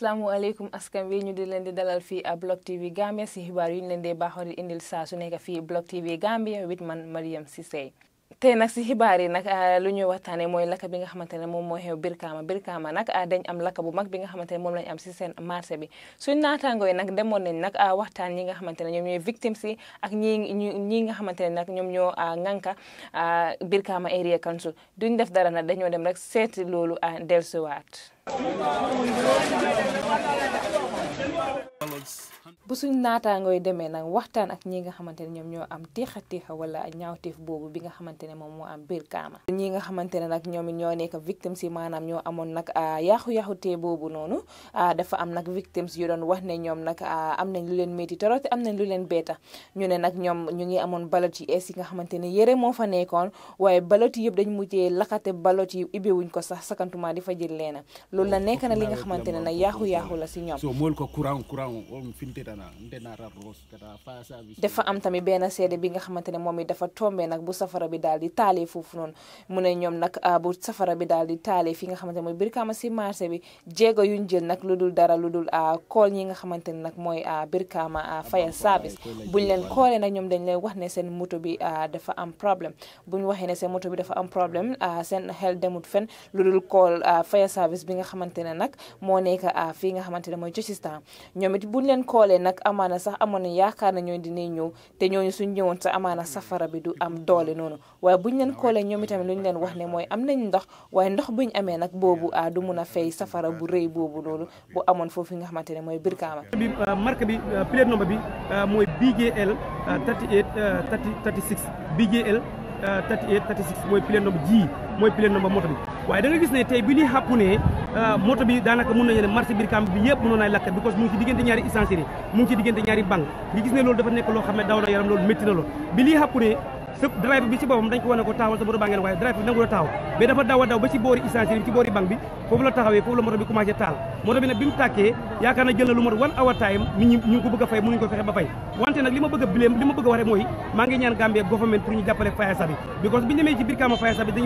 asalaamualeykum askan wi ñu di leen di dalal fii à Block TV Gambia si xibaar yu ñu leen dee baaxoo di indil saa su nekk fii Block TV Gambia with man Mariam Ceesay tey nag si xibaar yi nag ah, lu ñuy waxtaanee mooy lakk bi nga xamante ne moom mooy xew Brikama Brikama a ah, dañ am lakk bu mag bi nga xamante ne moom lañ am si seen marché bi suñ naataangoo yi nag demoon nañ nag ah, waxtaan ñi nga xamante ne ñoom ñoo victimes yi ak ñi ñi nga xamante ne nag ñoom ñoo ŋànka Brikama area council duñ def dara nag dañoo dem rek seeti loolu dellusiwaat bu suñ naataangooy demee nag waxtaan ak ñi nga xamante ne ñoom ñoo am tiixa tiixa wala ñaawteef boobu bi nga xamante ne moom moo am biir kaama ñii nga xamante ne nag ñoom it ñoo nekk victimes yi maanaam ñoo amoon nag ah, yaaxu-yaxutee boobu noonu ah, dafa am nag victimes yu doon wax ne ñoom nag am ah, nañ leen métti am nañ lu leen beeta ñu ne nag ñoom ñu ngi amoon balot yi ees yi nga xamante ne yére moo fa nekkoon waaye balot yi yëpp dañ mujjee lakkate balot yi ibewuñ ko sax sakantuma di fa jël leena loolu na nekk na li nga xamante ne nag yaaxu-yaaxu la si ñoom Um, dafa am tamit benn seede bi nga xamante ne moom it dafa tombé nag bu safara bi daal di taale foofu noonu mu ne ñoom nag ah, bu safara bi daal di taalee fi nga xamante ne mooy Brikama si marché bi jéego yuñ jël nag lu dul dara lu dul ah, kool ñi nga xamante ne nag mooy ah, Brikama fire service buñ leen koolee nag ñoom dañ leen wax ne seen moto bi dafa am problème buñ waxee ne seen moto bi dafa am problème seen xel demut fen lu dul kool fire service bi nga xamante ne nag moo a fii nga xamante ne mooy Jochistan ñoom ñu leen koolee nag amaana sax amoon nañ yaakaar na ñooñu dinañ ñëw te ñooñu suñ ñëwoon sax amaana safara bi du am doole noonu waaye buñ leen koolee ñoom itamit lu ñu leen wax ne mooy am nañ ndox waaye ndox bu buñ amee nag boobu a ah, du mun a fay safara bu rëy boobu loolu bu amoon foofu nga xamante ne mooy birkaama bi marque bi euh, euh, plate number bi euh, mooy BJL 38 36 BJL 38 36 mooy plate number ji mooy plate number moto bi waaye da gis ne tey bi li xàppu ne euh, moto bi daanaka mën nañu ne marché biir Kambi bi yëpp mënoon naay lakkat because mu ngi ci diggante ñaari essencerie mu ngi ci diggante ñaari banque nga gis ne loolu dafa nekk loo xam ne daw na yaram loolu métti na lool bi lii ne sëp drive bi ci boppam dañ ko wane ko taawal sa moto baa waaye drive bi nangu la taaw mais dafa daw a daw ba ci boori essence bi ci boori banque bi foofu la taxawee foofu la moto bi commencé taal moto bi nag bi mu tàkkee yaakaar na jël na lu hour time nit ñu ko bëgg a fay mënuñu ko fexe ba fay wante nag li ma bëgg bileem li ma bëgg a mooy maa ñaan Gambie government pour ñu jàppale fayasa bi because bi ñu demee ci biir kaama fayasa bi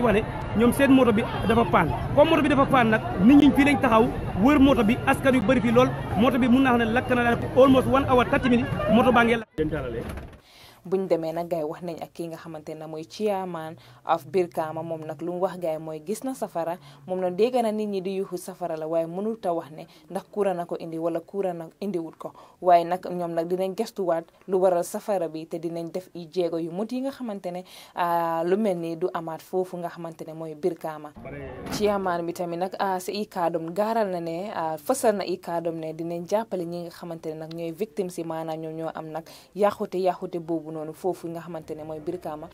buñ demee nag gaay wax nañ ak ki nga xamante ne mooy chairman of Brikama moom nag lu mu wax gaay mooy gis na safara moom nag dégg na nit ñi di yuuxu safara la waaye mënul ta wax ne ndax kuura na ko indi wala kuura na indiwut ko waaye nag ñoom nag dinañ gestuwaat lu waral safara bi te dinañ def i jéego yu mut yi nga xamante ne ah, lu mel ni du amaat foofu nga xamante ne mooy Brikama chairman bi tamit nag ah, si i kaadum gaaral na ne ah, fësal na i kaadum ne dinañ jàppale ñi nga xamante ne nag ñooy victimes yi maanaam ñoom ñoo am nag yàqute yàqute noonu foofu nga xamante ne mooy Brikama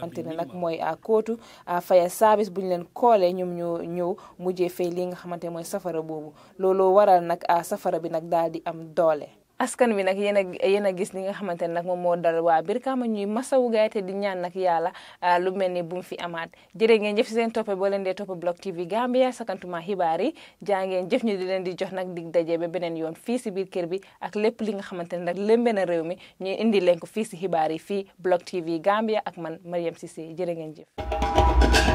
xamante ne nag mooy à kootu à faya service bu ñu leen koolee ñoom ñoo ñëw mujjee fay li nga xamante ne mooy safara boobu looloo waral nag à safara bi nag daal di am doole askan bi nag yéen a yéen a gis li nga xamante ne nag moom moo dal waa Brikama ñuy masawu gaay te di ñaan nag yàlla lu mel ni bu mu fi amaat jërë ngeen jëf si seen tope boo leen dee topp Block TV Gambia sakantuma xibaar yi jaa ngeen jëf ñu di leen di jox nag dig daje ba beneen yoon fii si biir bi ak lépp li nga xamante ne nag lëmbe na réew mi ñu indi leen ko fii si xibaar yi fii Block TV Gambia ak man Mariam Cissé jërë ngeen jëf